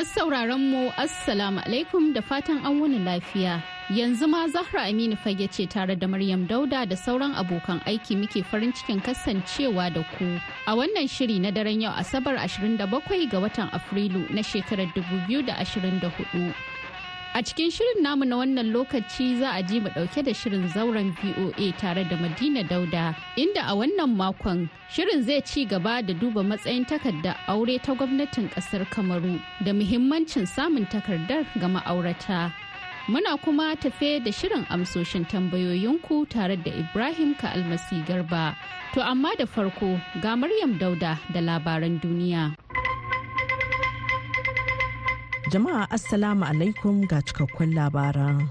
Masu sauraron mu Assalamu alaikum da fatan an wani lafiya. Yanzu ma Zahra Aminu fage ce tare da Maryam Dauda da sauran abokan aiki muke farin cikin kasancewa da ku. A wannan shiri na daren yau Asabar 27 ga watan Afrilu na shekarar 2024. A cikin shirin namu na wannan lokaci za a ji mu dauke da shirin zauren VOA tare da Madina Dauda inda a wannan makon shirin zai ci gaba da duba matsayin takarda aure ta gwamnatin kasar Kamaru da muhimmancin samun takardar ga ma'aurata. Muna kuma tafe da shirin amsoshin tambayoyinku tare da Ibrahim ka Almasi Garba. To amma da farko ga Maryam Dauda da labaran duniya. Jama'a Assalamu alaikum ga cikakkun labaran.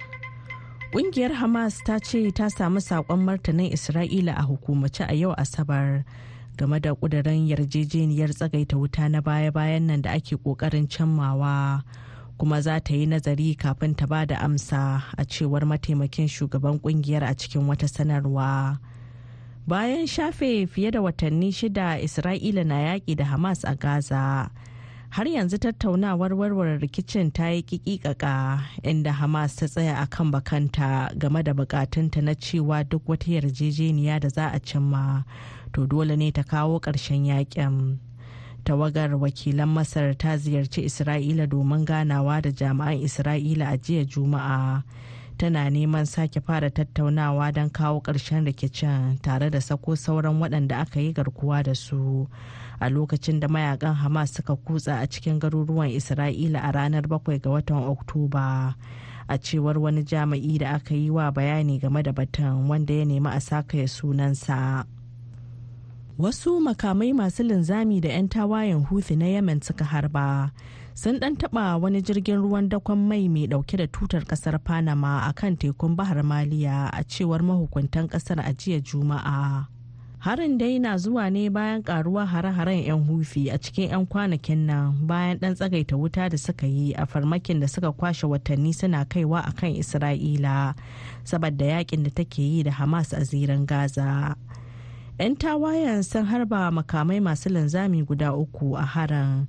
Ƙungiyar Hamas ta ce ta samu saƙon martanin Isra'ila a hukumace a yau Asabar game da ƙudurin yarjejeniyar tsagaita wuta na baya-bayan nan da ake ƙoƙarin cimmawa. kuma za ta yi nazari kafin ta ba da amsa a cewar mataimakin shugaban ƙungiyar a cikin wata sanarwa. Bayan shafe fiye da watanni shida Isra'ila na yaƙi da Hamas a Gaza. har yanzu tattaunawar warware rikicin ta yi kikikaka inda hamas ta tsaya a kan bakanta game da bukatunta na cewa duk wata yarjejeniya da za a cimma to dole ne ta kawo ƙarshen yakin tawagar wakilan masar ta ziyarci isra'ila domin ganawa da jami'an isra'ila a jiya juma'a tana neman sake fara tattaunawa don kawo ƙarshen rikicin tare da sako sauran waɗanda aka yi garkuwa da su a lokacin da mayakan hamas suka kutsa a cikin garuruwan isra'ila a ranar 7 ga watan oktoba a cewar wani jami'i da aka yi wa bayani game da batun wanda ya nemi a sakaya sunansa wasu makamai masu linzami da 'yan tawayen huthi na yemen suka harba sun ɗan taɓa wani jirgin ruwan dakon mai mai ɗauke da tutar ƙasar panama a kan tekun bahar maliya a cewar mahukuntan ƙasar a jiya juma'a harin dai na zuwa ne bayan ƙaruwar hare-haren 'yan hufi a cikin 'yan kwanakin nan bayan ɗan tsagaita wuta da suka yi a farmakin da suka kwashe watanni suna kaiwa a kan isra'ila saboda yakin da take yi da hamas a ziran gaza 'yan tawayen sun harba makamai masu linzami guda uku a harin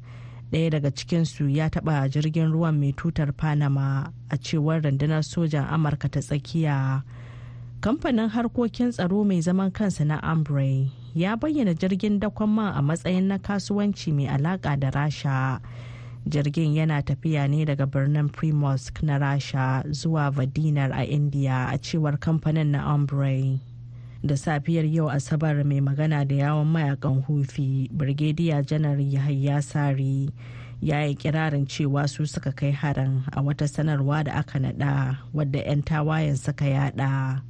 ɗaya daga cikinsu ya taɓa jirgin ruwan mai tutar panama a cewar rundunar sojan amurka ta tsakiya kamfanin harkokin tsaro mai zaman kansa na Ambray ya bayyana jirgin dakon man a matsayin na kasuwanci mai alaka da rasha jirgin yana tafiya ne daga birnin primorsk na rasha zuwa vadinar a india a cewar kamfanin na Ambray da safiyar yau asabar mai magana da yawon mayakan hufi birgediya janar Yahya sari ya yi kirarin cewa su suka kai harin a wata sanarwa da aka nada wadda 'yan tawayen suka yada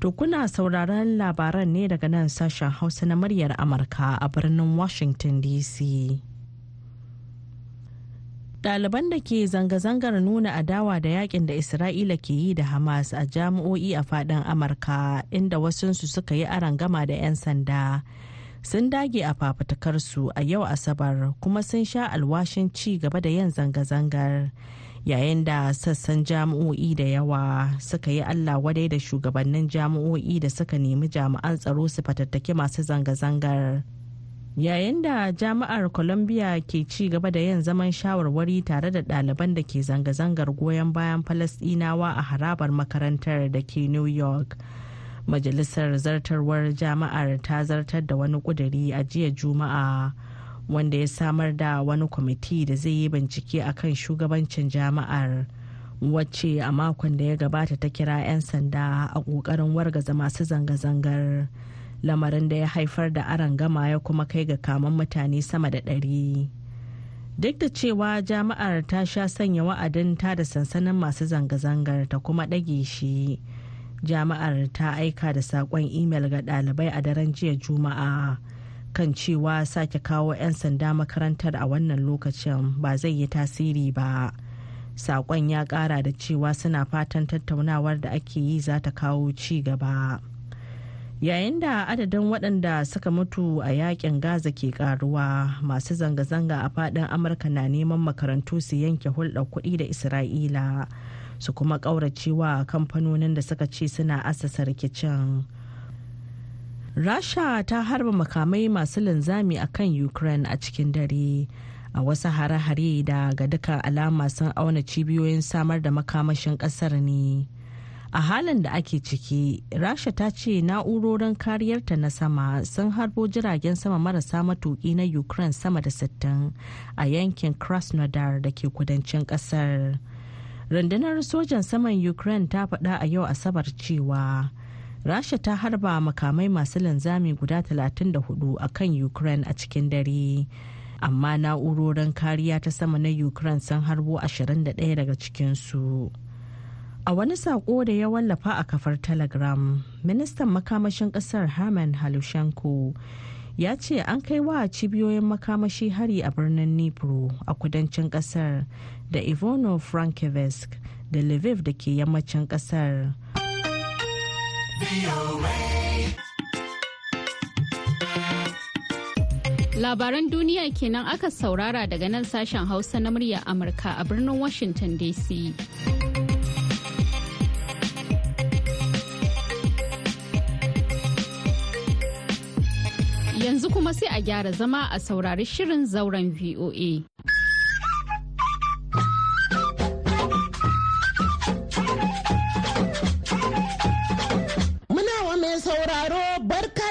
To kuna sauraron labaran ne daga nan sashen Hausa na muryar Amurka a birnin Washington DC. Ɗaliban da ke zanga-zangar nuna adawa da yakin da Isra'ila ke yi da Hamas a jami'o'i a faɗin Amurka inda wasunsu suka yi gama da 'yan sanda. Sun dage a fafutukarsu a yau Asabar kuma sun sha alwashin ci gaba da yin zanga-zangar. yayin da sassan jami'o'i da yawa suka yi allah wadai da shugabannin jami'o'i da suka nemi jami'an tsaro su fatattaki masu zanga-zangar yayin da jami'ar columbia ke ci gaba da yin zaman shawarwari tare da ɗaliban da ke zanga-zangar goyon bayan falasɗinawa a harabar makarantar da ke new york majalisar zartarwar jami'ar ta zartar da wani ƙuduri a jiya juma'a. wanda ya samar da wani kwamiti da zai yi bincike a kan shugabancin jama'ar wacce a makon da ya gabata ta kira 'yan sanda a kokarin wargaza masu zanga-zangar lamarin da ya haifar da aron gama ya kuma kai ga kamin mutane sama da ɗari duk da cewa jama'ar ta sha sanya wa'adin ta da sansanin masu zanga-zangar ta kuma ɗage shi jama'ar ta aika da saƙon imel ga ɗalibai a daren jiya juma'a kan cewa sake kawo 'yan sanda makarantar a wannan lokacin ba zai yi tasiri ba Saƙon ya ƙara da cewa suna fatan tattaunawar da ake yi za ta kawo ci gaba yayin da adadin waɗanda suka mutu a yakin gaza ke karuwa masu zanga-zanga a faɗin amurka na neman makarantu su yanke hulɗar kuɗi da isra'ila su kuma ƙauracewa kamfanonin da suka ce suna asasa rikicin. rasha ta harba makamai masu linzami a kan ukraine a cikin dare a wasu hare-hare da ga dukkan alama sun auna cibiyoyin samar da makamashin kasar ne a halin da ake ciki rasha ta ce na'urorin kariyarta na sama sun harbo jiragen sama marasa matuki na ukraine sama da sittin, a yankin krasnodar da ke kudancin ƙasar. rundunar sojan saman ukraine ta faɗa a yau asabar cewa rasha ta harba makamai masu linzami guda 34 a kan ukraine a cikin dare amma na'urorin kariya ta sama na ukraine sun harbo 21 daga cikinsu a wani saƙo da ya wallafa a kafar telegram ministan makamashin ƙasar herman halushenko ya ce an kai wa cibiyoyin makamashi hari a birnin nipro a kudancin ƙasar da ivano frankivsk da lviv da ke yammacin ƙasar Labaran duniya kenan aka saurara daga nan sashen Hausa na murya Amurka a birnin Washington DC. Yanzu kuma sai a gyara zama a saurari shirin zauren VOA.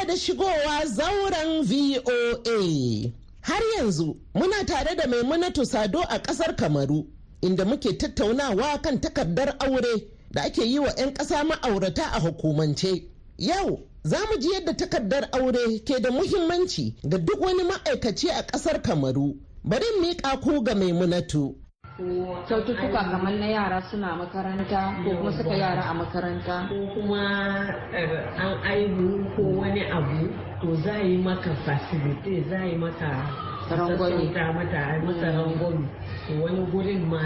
da shigowa zauren VOA. Har yanzu muna tare da Maimunatu Sado a ƙasar Kamaru inda muke tattaunawa kan takardar aure da ake yi wa 'yan ƙasa ma'aurata a hukumance. Yau za mu ji yadda takardar aure ke da muhimmanci ga duk wani ma'aikaci a ƙasar Kamaru. Bari miƙa ku ga Maimunatu. ko kyaututtuka kamar na yara suna makaranta ko kuma suka yara a makaranta ko kuma eh, an aihu ko wani abu to za yi maka facility za yi maka ta mata mata mm. rangwami wani gurin ma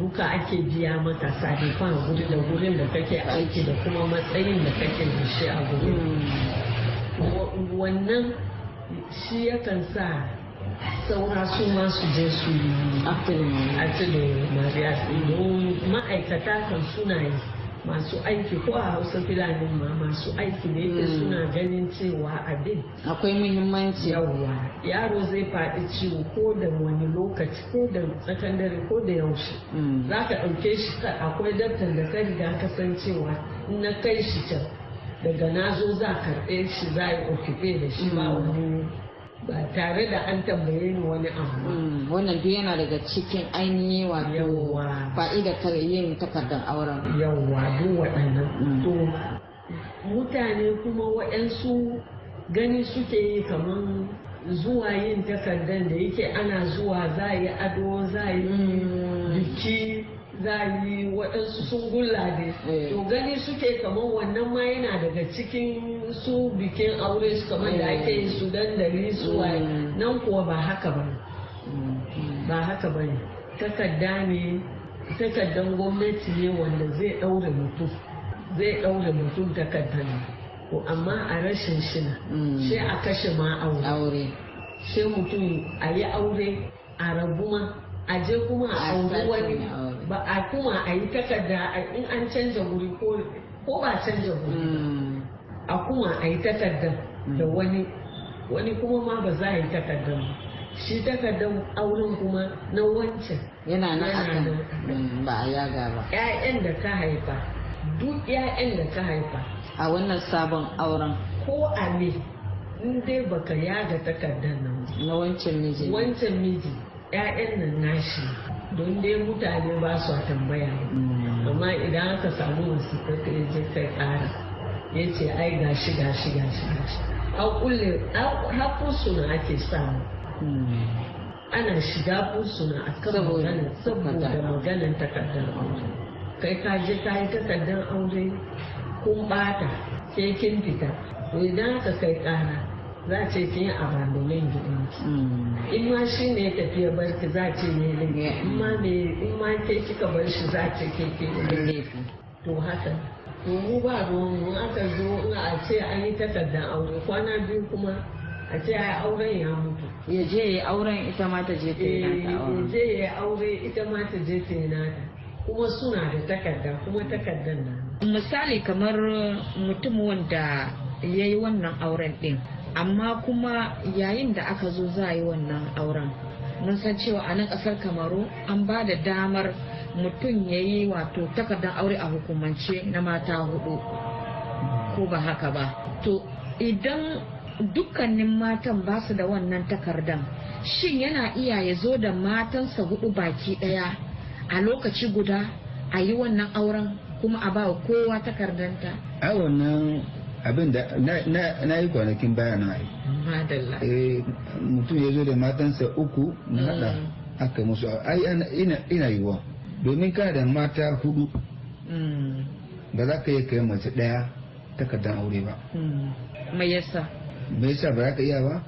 duka ake biya mata sadifan guri da gurin da kake aiki da kuma matsayin da kake da shi a gurin mm. wannan shi yakan sa saura su ma su je su atilu mariya ma'aikata kan suna yi masu aiki ko a hausa fulani ma masu aiki ne ke hmm. suna ganin cewa abin akwai muhimmanci yawwa yaro zai faɗi ciwo ko da wani lokaci ko da tsakandare ko da yaushe hmm. za ka ɗauke shi akwai daftar da ka riga kasancewa na kai shi can daga nazo zo za ɗaya shi za yi okipe da shi ba hmm. wani ba tare da an tambaye ni wani abu mm, wannan duk yana daga cikin ainihi wato fa'idar ta yin takardar auren yawwa duk waɗannan mm. to mutane kuma waɗansu gani suke yi kamar zuwa yin takardar da yake ana zuwa za a yi ado za a yi mm. biki zayi waɗansu sun gulla ne eh. to gani suke kamar wannan ma yana daga cikin su bikin aure su kamar da ake yi su dare su mm. nan kuwa ba haka ba mm. ba haka ba ne takarda ne takardan gwamnati ne wanda zai ɗaure mutum zai ɗaure mutum takardar ko amma a rashin shina mm. sai a kashe ma aure sai mutum a yi aure a rabu ma a je kuma a auri wani ba a kuma a yi takarda in an canja wuri ko ba canja wuri hmm. a kuma a yi takarda hmm. da wani wani kuma ma ba za a yi takarda ba shi takardar auren kuma na wancan yana na akan hmm, ba a yaga ba ƴaƴan da ka haifa duk ƴaƴan da ka haifa a wannan sabon auren ko a ne in dai baka yaga takardar nan na wancan miji wancan miji 'ya'yan nan nashi don dai mutane ba su tambaya amma idan aka samu wasu kai je kai ƙara ya ce ai gashi gashi gashi gashi hakusu suna ake samu ana shiga na a kan magana saboda magana takardar aure kai ka je ka yi takardar aure kun bata sai kin fita idan aka kai ƙara za a ce kin abandolin gidanki hmm. in ma shi ne tafiya bar ki za a ce ne laifi in ma me in ma ke kika bar shi za a ce ke ke laifi to haka to mu ba don. mu aka zo a ce an yi takardar aure kwana biyu kuma a ce ai auren ya mutu ya je ya auren ita ma ta je ta yi nata eh, ya je ya aure ita ma ta je ta yi nata kuma suna da takarda kuma takardar na misali kamar mutum wanda ya yi wannan auren din amma kuma yayin da aka zo za a yi wannan auren mun san cewa a nan kasar kamaru an ba da damar mutum ya yi wato takardar aure a hukumance na mata hudu ko ba haka ba to idan dukkanin matan ba su da wannan takardan shin yana iya ya zo da matansa hudu baki daya a lokaci guda a yi wannan auren kuma a ba kowa takardanta a wannan abin da na yi kwanakin baya na yi eh, mutum ya zo da matansa uku na hada mm. aka musu ai ina yiwuwa domin kana da mata hudu mm. ba za ka iya kai mace daya takardar aure ba mai mm. yasa mai yasa ba za ka iya ba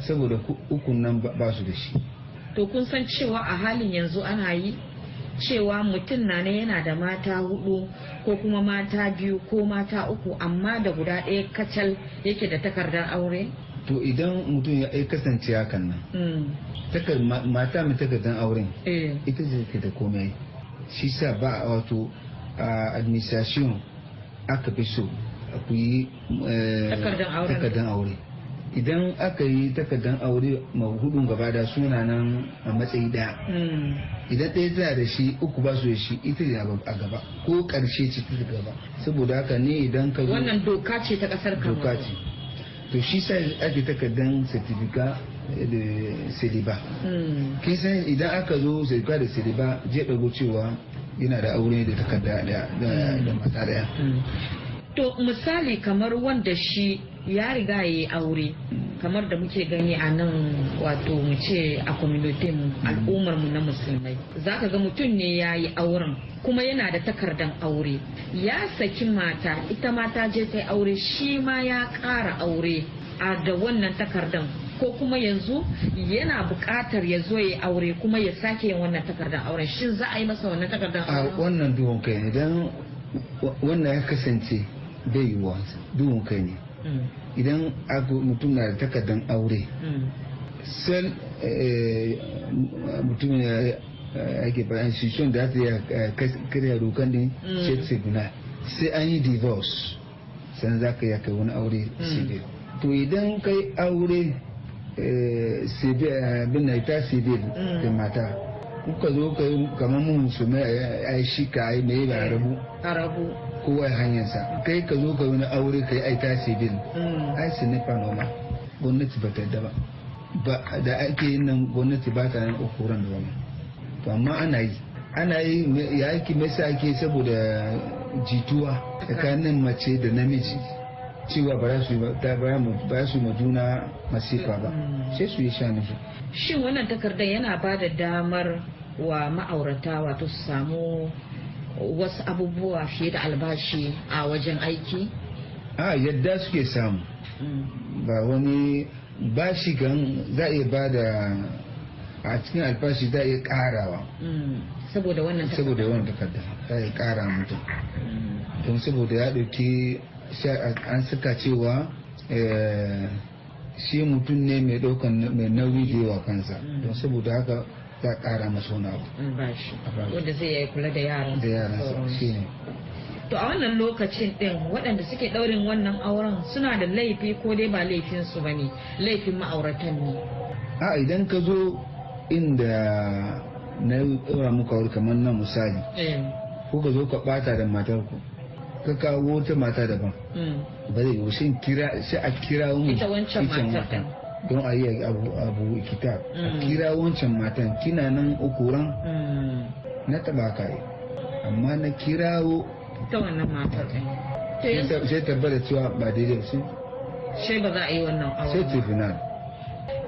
saboda ukunan nan ba su da shi to kun san cewa a halin yanzu ana yi cewa mutum na ne yana da mata hudu ko kuma mata biyu ko mata uku amma da guda ɗaya kacal yake da takardar aure? to idan mutum ya kasance hakan nan hmm. mata mai takardar auren eh. ita ce ke da komai shi sa ba a wato administration aka fi so a yi eh, takardar aure idan aka yi takardar aure mahudun gaba da suna nan a matsayi daya mm. idan ɗaya tana da shi uku ba su da shi ita ne a gaba ko ƙarshe ce ta gaba saboda haka ne idan ka wannan doka ce ta ƙasar kamaru doka ce to shi sai ake takardar certificate da siliba mm. kin san idan aka zo certificate da siliba je ɗago cewa yana da aure da takarda da mm. mata daya to misali kamar wanda shi ya riga ya yi aure kamar da muke gani a nan wato mu ce a community mu mm. al'ummar mu na musulmai Za ka ga mutum ne ya yi auren kuma yana da takardan aure ya saki mata ita mata je ta yi aure shi ma ya kara aure a da wannan takardan ko kuma yanzu yana bukatar ya zo ya aure kuma ya sake yin wannan takardan aure. shin za a yi masa wannan takardan A wannan duhun kai ne don wannan ya kasance bai yi wa duhun kai ne Mm. idan mutum na da takardar aure mm. sel eh, mutum ya eh, ake ba institution da ta eh, karya dokan din mm. state signal sai an yi divorce san za ka yaka wani aure civil to idan kai aure civil abin na ita civil da mata kuka zo ka yi kamar mun musulmai a yi shi ka yi ne da rabu Ko wai hanyar hanyarsa kai ka zo ka na aure ka yi mm. ai tasibin ai sinifa noma gwamnati ba ta da ba ba da ake yin nan gwamnati ba ta nan ukuran da wani to amma ana yi ana yi ya ake mesa ake saboda jituwa tsakanin mace da namiji cewa ba za su ma juna masifa ba mm. sai su yi shanu shin wannan takardar yana ba da damar wa ma'aurata wato su samu wasu abubuwa fiye da albashi a wajen aiki? a yadda suke samu ba wani bashi kan za a ba da a cikin albashi za a karawa mm, saboda wannan saboda wannan takarda za a kara mutum mm. don saboda ya dauki an saka cewa eh, shi mutum ne mai ɗaukan mai nauyi da yawa kansa mm. don saboda haka ya ƙara masa wani abu wanda zai yi kula da yaran da yaran shi ne to a wannan lokacin din waɗanda suke ɗaurin wannan auren suna da laifi ko dai ba laifin su ne laifin ma'auratan ne a idan ka zo inda na ɗora muka wuri kamar nan misali eh. ko ka zo ka ɓata da matar ka kawo wata mata daban Hmm. ba zai yi kira sai a kira ita wancan matan don a yi abu abu kita a hmm. kira wancan matan kina nan ukuran hmm. na taba kai amma na kirawo ta wannan matan. sai da cewa ba daidai sai sai ba za a yi wannan aure sai tribunal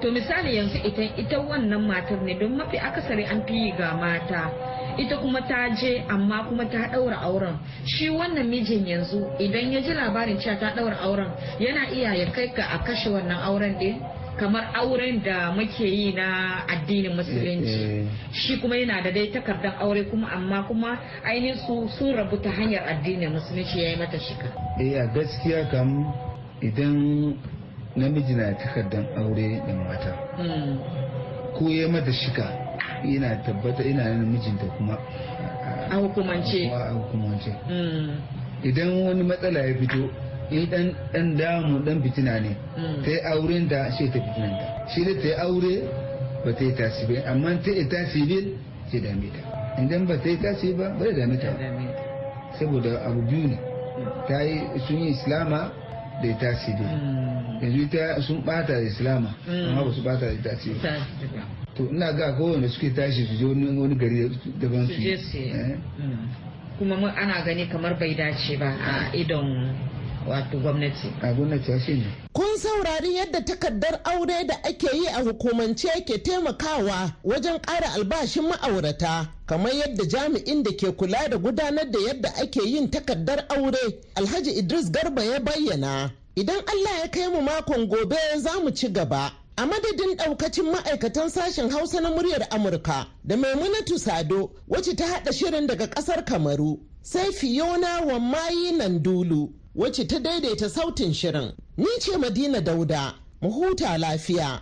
to misali yanzu ita ita wannan matar ne don mafi akasari an fi ga mata ita kuma ta je amma kuma ta ɗaura auren shi wannan mijin yanzu idan ya ji labarin cewa ta daura auren yana iya ya kai ka a kashe wannan auren din kamar auren da muke yi na addinin musulunci eh, eh. shi kuma yana da dai takardar aure kuma amma kuma ainihin su sun rabu ta hanyar addinin musulunci ya yi mata shika eh a gaskiya kam idan namiji na takardar aure da mata hmm. ko ya mata shika Ina tabbata ina nan mijinta kuma a hukumance a hukumance hmm. idan wani matsala ya fito in dan dan damu dan fitina ne hmm. ta yi auren da shi ta fitinan da shi da ta yi aure ba ta yi tasiri amma ta yi tasiri ce dame ta idan ba ta yi tasiri ba ba da dame ta saboda abu biyu ne hmm. ta yi sun yi islama da ya tasiri yanzu ta sun bata da islama amma ba su bata da tasiri to ina ga kowanne suke tashi su je wani gari daban su je su eh. hmm. kuma mun ana gani kamar bai dace ba a idon wato gwamnati a gwamnati shi ne kun saurari yadda takardar aure da ake yi a hukumance ke taimakawa wajen ƙara albashin ma'aurata kamar yadda jami'in da ke kula da gudanar da yadda ake yin takardar aure alhaji idris garba ya bayyana idan allah ya kai mu makon gobe za mu ci gaba a madadin daukacin ma'aikatan sashen hausa na muryar amurka da maimunatu sado wacce ta hada shirin daga kasar kamaru sai fiona wammayi dulu wacce ta daidaita sautin shirin ni ce madina dauda mu huta lafiya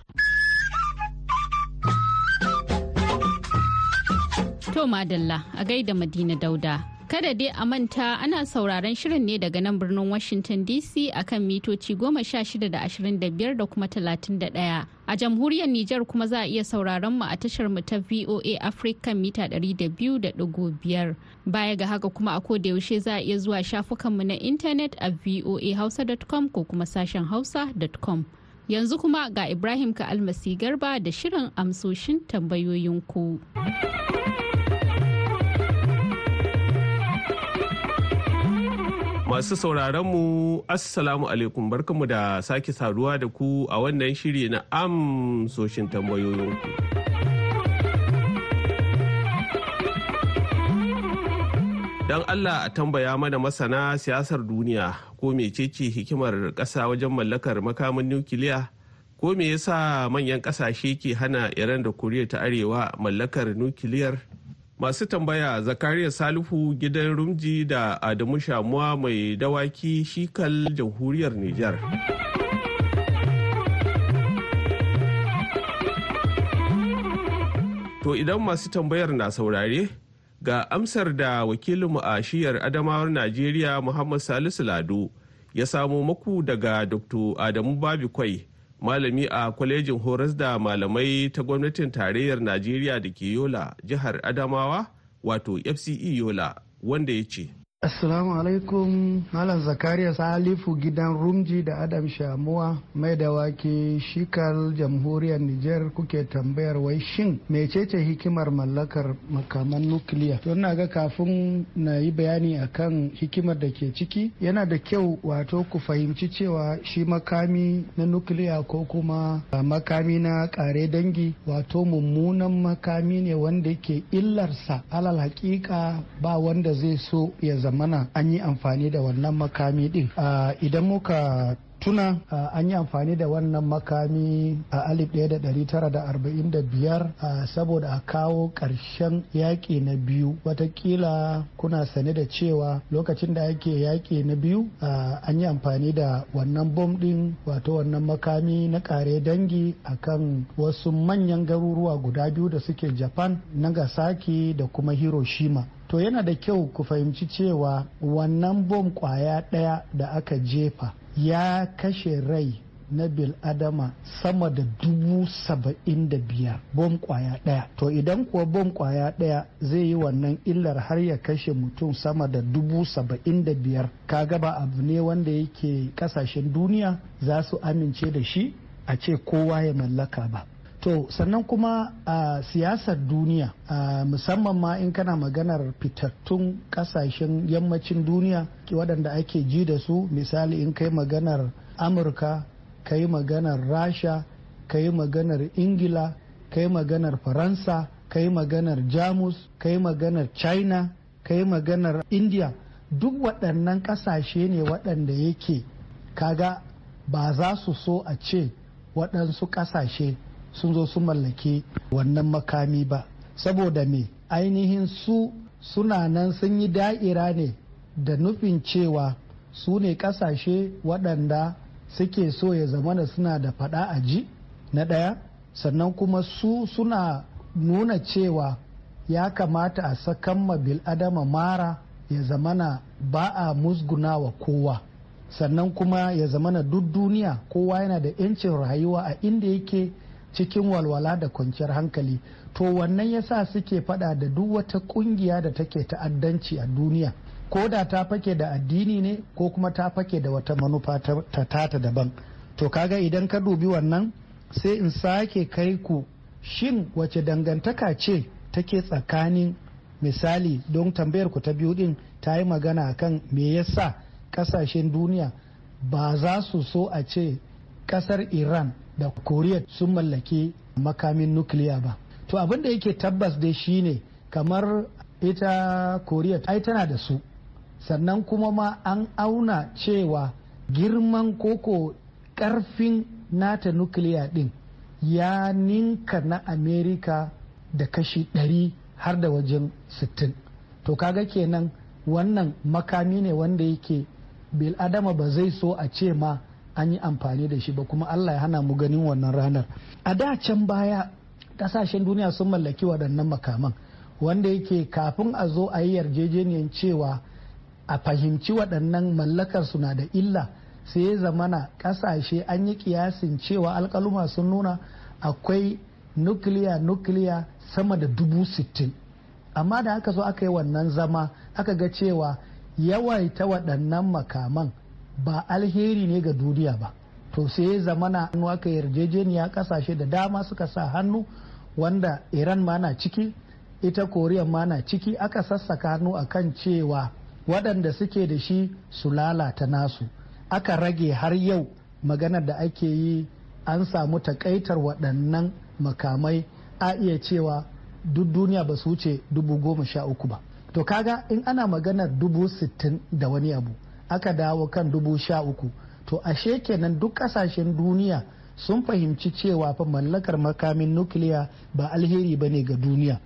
to madalla a gaida madina dauda Kada dai a manta ana sauraron shirin ne daga nan birnin Washington DC akan mitoci shida da da kuma 31. A jamhuriyar Nijar kuma za a iya sauraron mu a tashar mu ta VOA Africa mita 200.5. Baya ga haka kuma a da yaushe za a iya zuwa shafukanmu na intanet a voahausa.com ko kuma sashen hausa.com. Yanzu kuma ga Ibrahim ka almasi garba da shirin amsoshin tambayoyinku. Masu mu Assalamu alaikum barkamu da sake saduwa da ku a wannan shiri na amsoshin ku. Don Allah a tambaya mana masana siyasar duniya ko mecece hikimar ƙasa wajen mallakar makamin nukiliya? Ko me yasa manyan ƙasashe ke hana Iran da Koriya ta Arewa mallakar nukiliyar? masu tambaya zakariya salihu gidan rumji da adamu shamuwa mai dawaki shikal jamhuriyar nijar to idan masu tambayar na saurare ga amsar da wakilinmu a shiyar adamawar najeriya muhammad salisu lado ya samo maku daga dr adamu kwai. malami a kwalejin horas da malamai ta gwamnatin tarayyar najeriya da ke yola jihar adamawa wato fce yola wanda ya ce Assalamu alaikum Malam Zakariya Salifu gidan Rumji da Adam Shamuwa mai da wake shikal jamhuriyar Nijar kuke tambayar wai shin mecece hikimar mallakar makaman nukiliya. To ina ga kafin na yi bayani akan hikimar da ke ciki yana da kyau wato ku fahimci cewa shi makami na nukiliya ko kuma makami na kare dangi wato mummunan makami ne wanda ke illarsa alal hakika ba wanda zai so ya zamana an yi amfani da wannan makami din idan muka tuna an yi amfani da wannan makami a 1945 a saboda a kawo ƙarshen yaƙi na biyu watakila kuna sane da cewa lokacin da ake yaƙi na biyu an yi amfani da wannan bom ɗin wato wannan makami na ƙare dangi a kan wasu manyan garuruwa guda biyu da suke japan nagasaki da kuma hiroshima to yana da kyau ku fahimci cewa wannan bom kwaya ɗaya da aka jefa ya kashe rai na bil adama sama da dubu saba'in da biyar bom kwaya ɗaya to idan kuwa bom kwaya ɗaya zai yi wannan illar har ya kashe mutum sama da dubu saba'in da biyar kaga ba abu ne wanda yake kasashen duniya za su amince da shi a ce kowa ya mallaka ba to sannan kuma a siyasar duniya musamman ma in kana maganar fitattun kasashen yammacin duniya waɗanda ake ji da su misali in kai maganar amurka kai maganar rasha kai maganar ingila kai maganar faransa kai maganar jamus kai maganar china kai maganar india duk waɗannan ƙasashe ne waɗanda yake kaga ba za su so a ce waɗansu ƙasashe sun zo su mallaki wannan makami ba saboda me ainihin su suna nan sun yi da'ira ne da nufin cewa su ne kasashe waɗanda suke so ya zamana suna da faɗa a ji na ɗaya sannan kuma su suna nuna cewa ya kamata a sakan bil adama mara ya zamana ba a musguna wa kowa sannan kuma ya zamana duk duniya kowa yana da 'yancin rayuwa a inda yake cikin walwala da kwanciyar hankali to wannan yasa suke fada da duk wata kungiya da take ta'addanci a duniya ko da ta fake da addini ne ko kuma ta fake da wata manufa ta tata daban to kaga idan ka dubi wannan sai in sake kai ku shin wace dangantaka ce take tsakanin misali don tambayar ku ta biyu din ta yi magana kan me yasa kasashen duniya ba za su so a ce kasar iran da koriya sun mallaki makamin nukiliya ba to abin da yake tabbas dai shine kamar ita koriya ai tana da su sannan kuma ma an auna cewa girman koko karfin nata nukiliya din ya ninka na amerika da kashi 100 har da wajen 60 to kaga kenan wannan makami ne wanda yake adama ba zai so a ce ma an yi amfani da shi ba kuma allah ya hana mu ganin wannan ranar a da can baya kasashen duniya sun mallaki waɗannan makaman wanda yake kafin a zo a yi yarjejeniyar cewa a fahimci waɗannan mallakar na da illa sai ya zamana kasashe an yi kiyasin cewa alkaluma sun nuna akwai nukiliya nukiliya sama da dubu sittin amma da aka zo aka yi wannan zama aka ga cewa yawaita waɗannan makaman ba alheri ne ga duniya ba to sai zama na hannu aka yarjejeniya kasashe da dama suka sa hannu wanda iran ma na ciki ita koriya ma na ciki aka sassaka hannu akan cewa waɗanda suke da shi su lalata nasu aka rage har yau maganar da ake yi an samu takaitar waɗannan makamai a iya cewa duk duniya ba su wuce dubu goma sha uku ba to kaga in ana maganar dubu sittin da wani abu aka dawo kan dubu sha uku to ashe kenan duk kasashen duniya sun fahimci cewa fa mallakar makamin nukiliya ba alheri ba ne ga duniya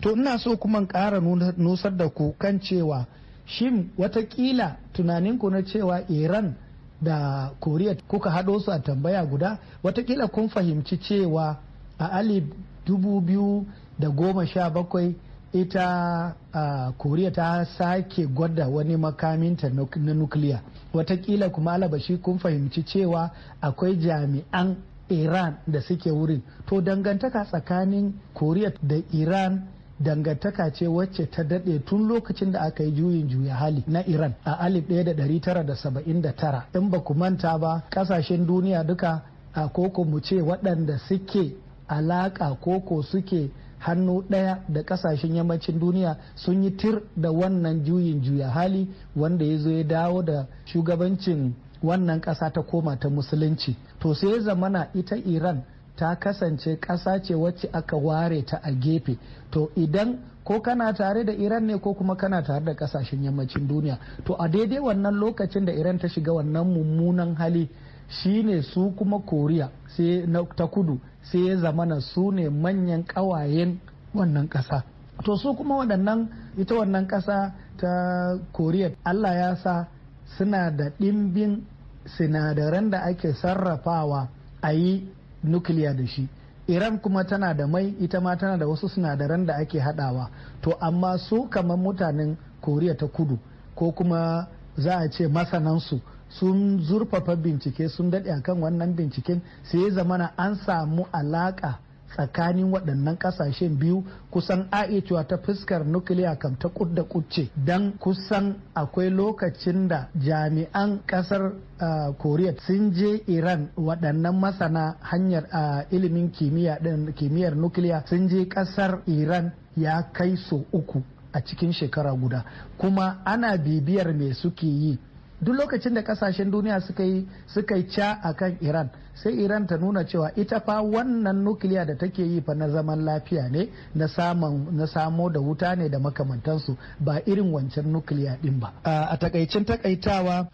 to ina so kuma ƙara nusar da ku kan cewa shin watakila tunaninku na cewa iran da koriya kuka haɗo su a tambaya guda watakila kun fahimci cewa a alif dubu biyu da goma sha bakwai ita a koriya ta sake gwada wani makaminta na nukiliya watakila kuma alabashi kun fahimci cewa akwai jami'an iran da suke wurin to dangantaka tsakanin koriya da iran dangantaka ce wacce ta daɗe tun lokacin da aka yi juyin juya hali na iran a 1979 in ba ku manta ba ƙasashen duniya duka a koko mu ce waɗanda suke alaƙa koko suke hannu ɗaya da ƙasashen yammacin duniya sun yi tir da wannan juyin juya hali wanda ya zo ya dawo da shugabancin wannan ƙasa ta koma ta musulunci to sai ya zamana ita iran ta kasance ƙasa ce wacce aka ware ta a gefe to idan ko kana tare da iran ne ko kuma kana tare da kasashen yammacin duniya to a daidai wannan lokacin da iran ta shiga wannan mummunan hali shine su kuma koriya sai ta kudu sai ya zamana su ne manyan ƙawayen wannan ƙasa to su kuma waɗannan ita wannan ƙasa ta koriya allah ya sa suna da ɗimbin sinadaran da ake sarrafawa a yi nukiliya da shi iran kuma tana da mai ita ma tana da wasu sinadaran da ake haɗawa to amma su kamar mutanen koriya ta kudu ko kuma za a ce masanansu sun zurfafa bincike sun daɗe kan wannan binciken sai ya zamana an samu alaƙa tsakanin waɗannan ƙasashen biyu kusan cewa ta fuskar nukiliya kam ta kudda da don kusan akwai lokacin da jami'an ƙasar korea koriya sun je iran waɗannan masana hanyar ilimin kimiyyar nukiliya sun je ƙasar iran ya kai so uku a cikin shekara guda kuma ana bibiyar me suke yi duk lokacin da kasashen duniya suka yi suka ca a kan iran sai iran ta nuna cewa ita fa wannan nukiliya da take yi fa na zaman lafiya ne na samo da wuta ne da makamantansu ba irin wancan nukiliya din ba a takaicin takaitawa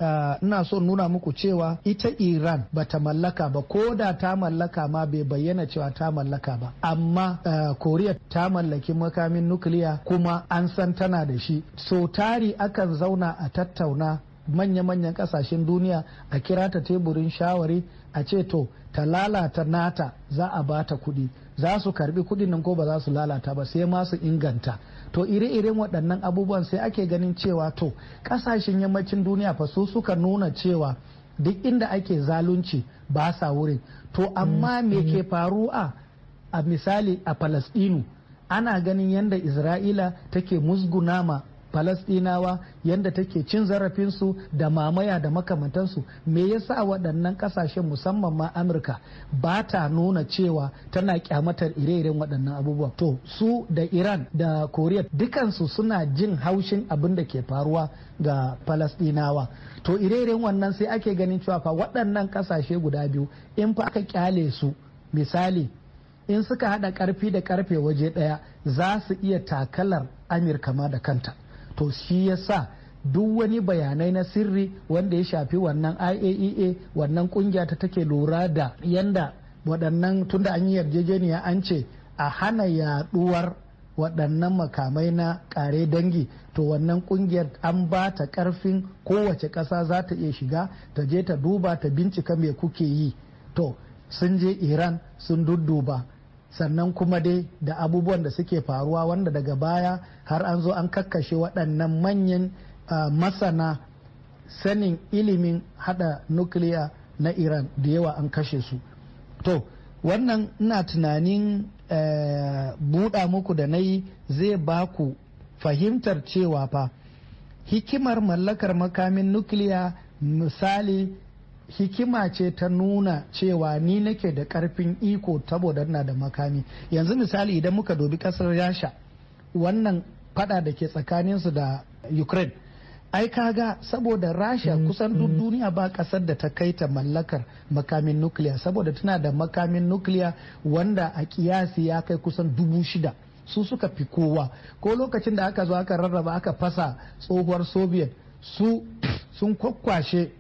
ina so nuna muku cewa ita iran ba ta mallaka ba ko da ta mallaka ma bai bayyana cewa ta mallaka ba amma koriya ta mallaki makamin nukiliya kuma an san tana da shi so tari akan zauna a tattauna manya-manyan kasashen duniya a kira ta teburin shawari a ce to ta lalata nata za a bata kuɗi za su karbi kuɗin nan ko ba za su lalata ba sai ma su inganta to ire-iren waɗannan abubuwan sai ake ganin cewa to kasashen yammacin duniya fa su suka nuna cewa duk inda ake zalunci ba sa wurin to amma mm, me mm. ke faru a misali a falasɗinu ana ganin yadda isra'ila take musgunama falastinawa yadda take cin zarafinsu da mamaya da makamantansu me yasa waɗannan ƙasashen musamman ma amurka ba ta nuna cewa tana kyamatar ire-iren waɗannan abubuwa to su da iran da koriya dukansu suna jin haushin abin da ke faruwa ga falastinawa to ire-iren wannan sai ake ganin cewa fa waɗannan ƙasashe guda biyu in fa aka kyale su misali in suka haɗa ƙarfi da ƙarfe waje ɗaya za su iya takalar amurka ma da kanta to shi ya sa duk wani bayanai na sirri wanda ya shafi wannan iaea e wannan kungiya ta take lura da yanda waɗannan tunda an yi yarjejeniya an ce a hana yaduwar waɗannan makamai na ƙare dangi to wannan ƙungiyar an ba ta ƙarfin kowace ƙasa za ta iya shiga ta je ta duba ta bincika mai kuke yi to sun je iran sun dudduba sannan kuma dai da abubuwan da suke faruwa wanda daga baya har an zo an kakkashe waɗannan manyan masana sanin ilimin hada nukiliya na iran da yawa an kashe su to wannan ina tunanin e, buɗa muku da na yi zai ba ku fahimtar cewa fa hikimar mallakar makamin nukiliya misali hikima ce ta nuna cewa ni nake da karfin iko saboda na da makami yanzu misali idan muka dobi kasar rasha wannan fada da ke tsakaninsu da ukraine ai kaga saboda rasha mm, kusan duk mm. duniya ba kasar da ta kai ta mallakar makamin nukiliya saboda tana da makamin nukiliya wanda a kiyasi ya kai kusan dubu shida su suka fi kowa ko lokacin da aka zo aka rarraba aka fasa tsohuwar soviet su sun kwakwashe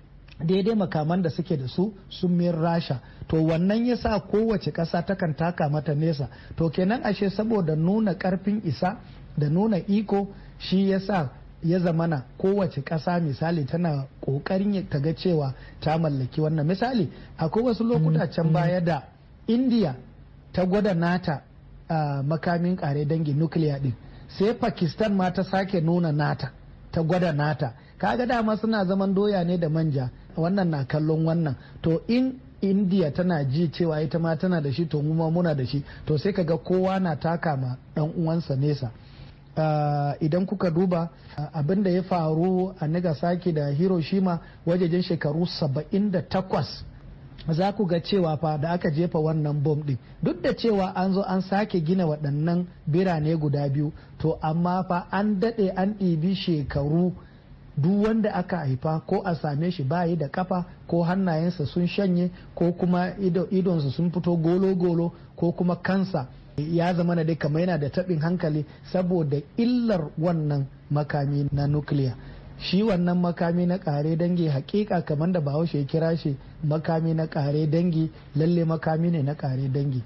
daidai makaman da suke da su sun mayar rasha to wannan ya sa kowace ƙasa takan taka mata nesa to kenan ashe saboda nuna karfin isa da nuna iko shi ya sa ya zamana kowace ƙasa misali tana ƙoƙarin ta ga cewa ta mallaki wannan misali akwai wasu mm, lokuta can mm. baya da indiya ta gwada nata uh, makamin ƙare dangi nukiliya din sai pakistan ma ta sake nuna nata ta gwada nata kaga dama suna zaman doya ne da manja wannan na kallon wannan to in indiya tana ji cewa ita ma tana da shi to mu ma muna da shi to sai ka ga kowa na taka ma dan uwansa nesa uh, idan kuka duba uh, abin da ya faru a nagasaki da hiroshima wajejen shekaru 78 za ku ga cewa fa da aka jefa wannan bom ɗin duk da cewa an zo an sake gina waɗannan birane guda biyu to amma fa an daɗe an ɗibi shekaru duk wanda aka haifa ko a same shi bayi da kafa ko hannayensa sun shanye ko kuma idonsa sun fito golo-golo ko kuma kansa ya zama na dai kamar yana da taɓin hankali saboda illar wannan makami na nukiliya shi wannan makami na kare dangi hakika kamar da bahaushe ya kira shi makami na kare dangi lalle makami ne na kare dangi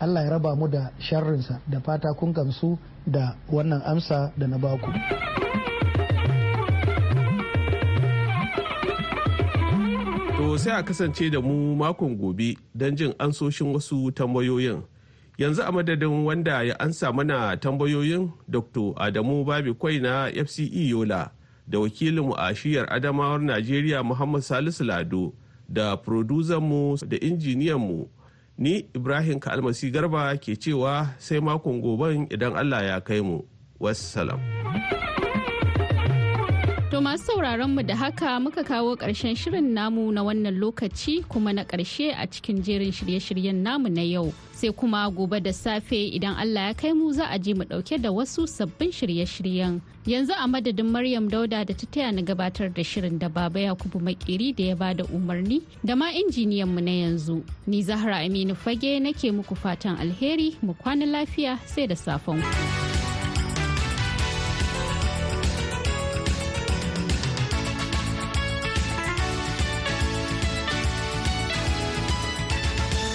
allah ya raba mu da sharrinsa da fata kun gamsu da wannan amsa da na baku. sai a kasance da mu makon gobe don jin ansoshin wasu tambayoyin. Yanzu a madadin wanda ya ansa mana tambayoyin Dr. Adamu Babi Kwai na FCE Yola da wakilinmu a shiyar Adamawar Najeriya Muhammad Salisu Lado da mu da injiniyanmu ni Ibrahim Kalmasi Garba ke cewa sai makon goben idan Allah ya kai mu. Wassalam. masu sauraron mu da haka muka kawo ƙarshen shirin namu na wannan lokaci kuma na ƙarshe a cikin jerin shirye-shiryen namu na yau. Sai kuma gobe da safe idan Allah ya kai mu za a ji mu ɗauke da wasu sabbin shirye-shiryen. Yanzu a madadin Maryam Dauda da ta taya na gabatar da shirin da Baba Yakubu Makeri da ya ba da umarni da ma injiniyan mu na yanzu. Ni Zahra Aminu Fage nake muku fatan alheri mu kwana lafiya sai da safen ku.